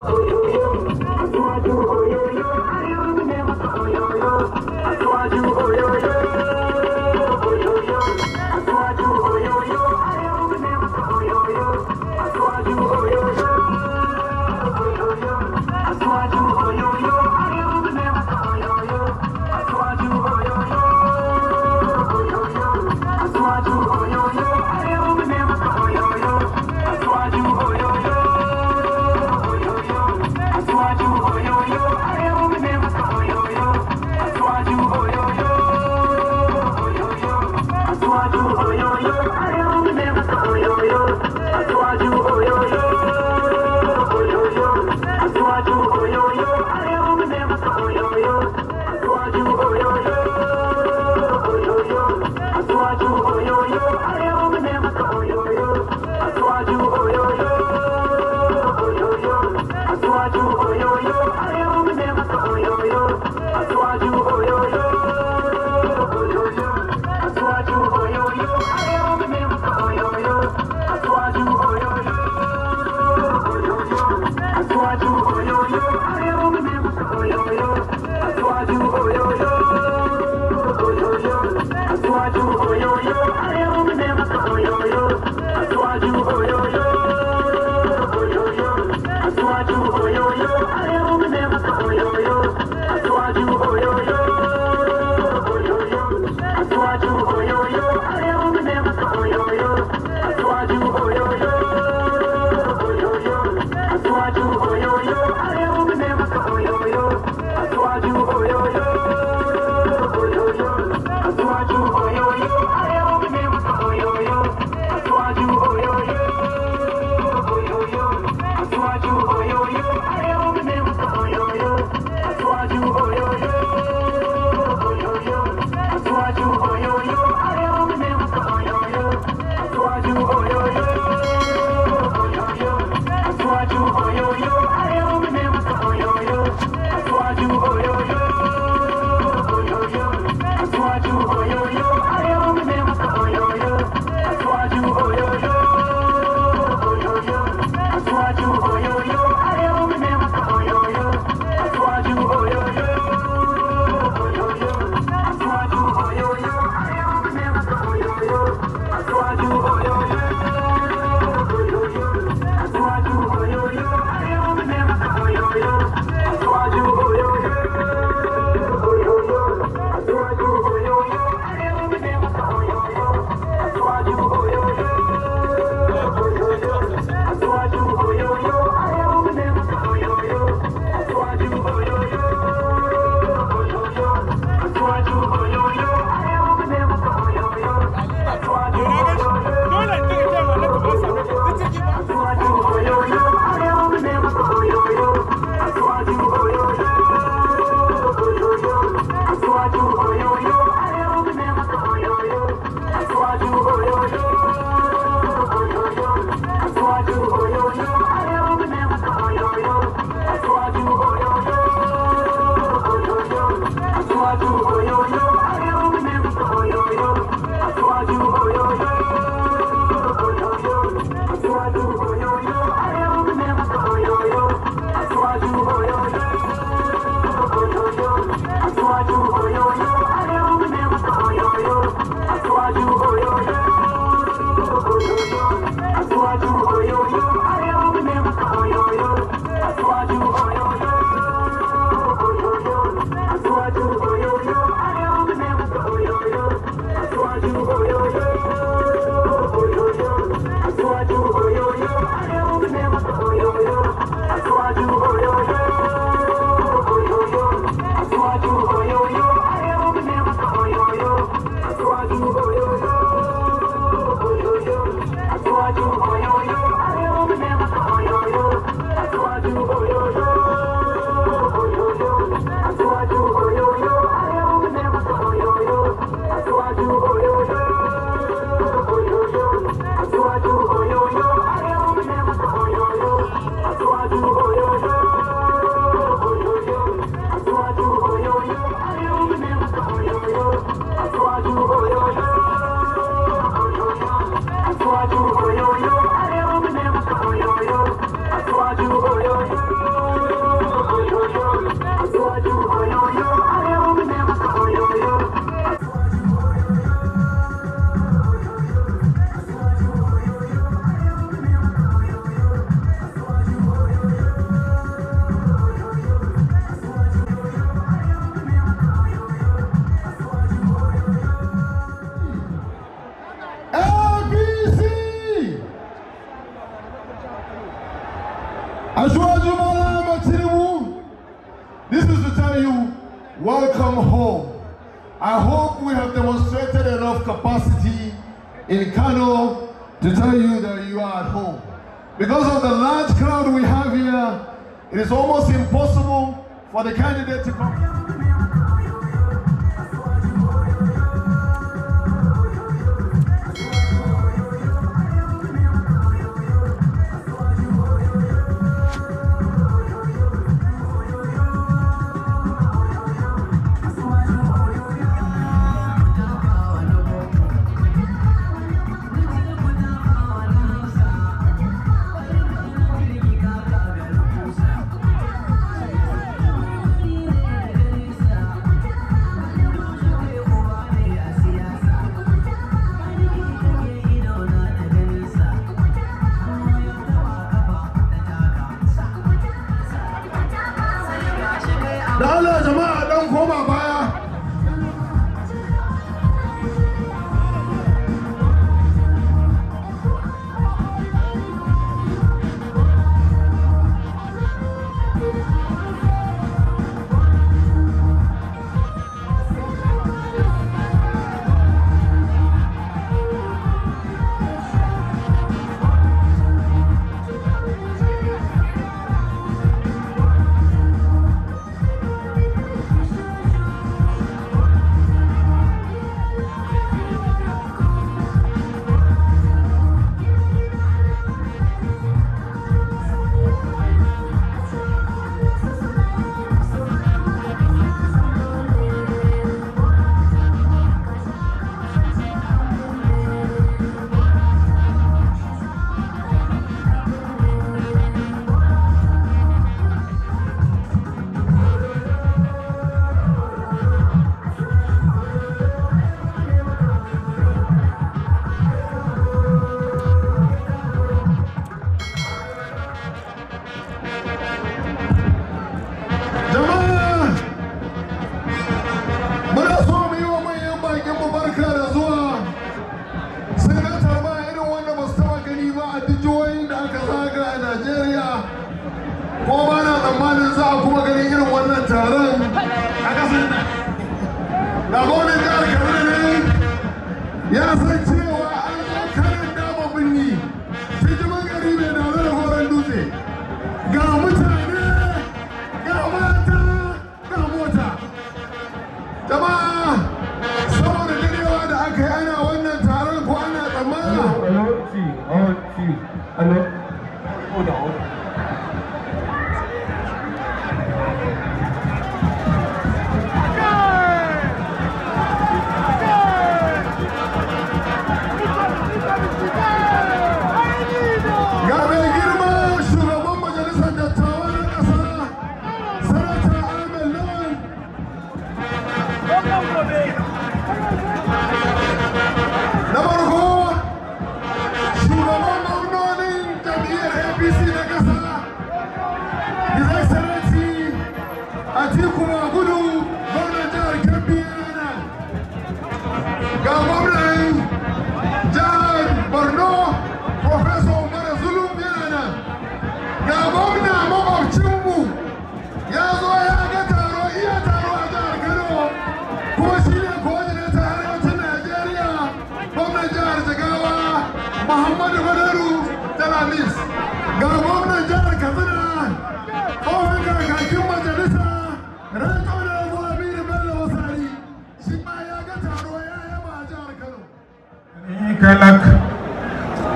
Thank you. yo yo, I am the man Oh, yo yo. in Kano to tell you that you are at home. Because of the large crowd we have here, it is almost impossible for the candidate to come. tsammanin za a kuma ganin irin wannan taron a ƙasar na gwamnan jihar ne ya san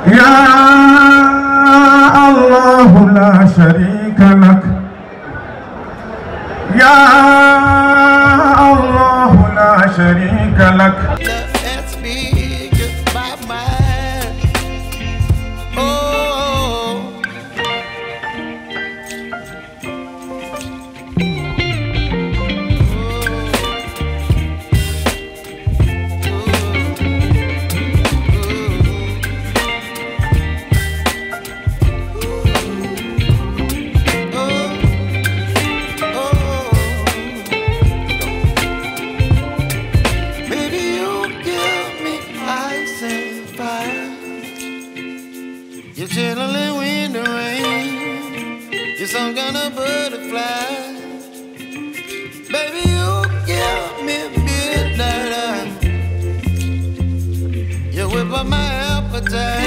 يا الله لا شريك لك يا الله لا شريك لك a day.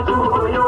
Raju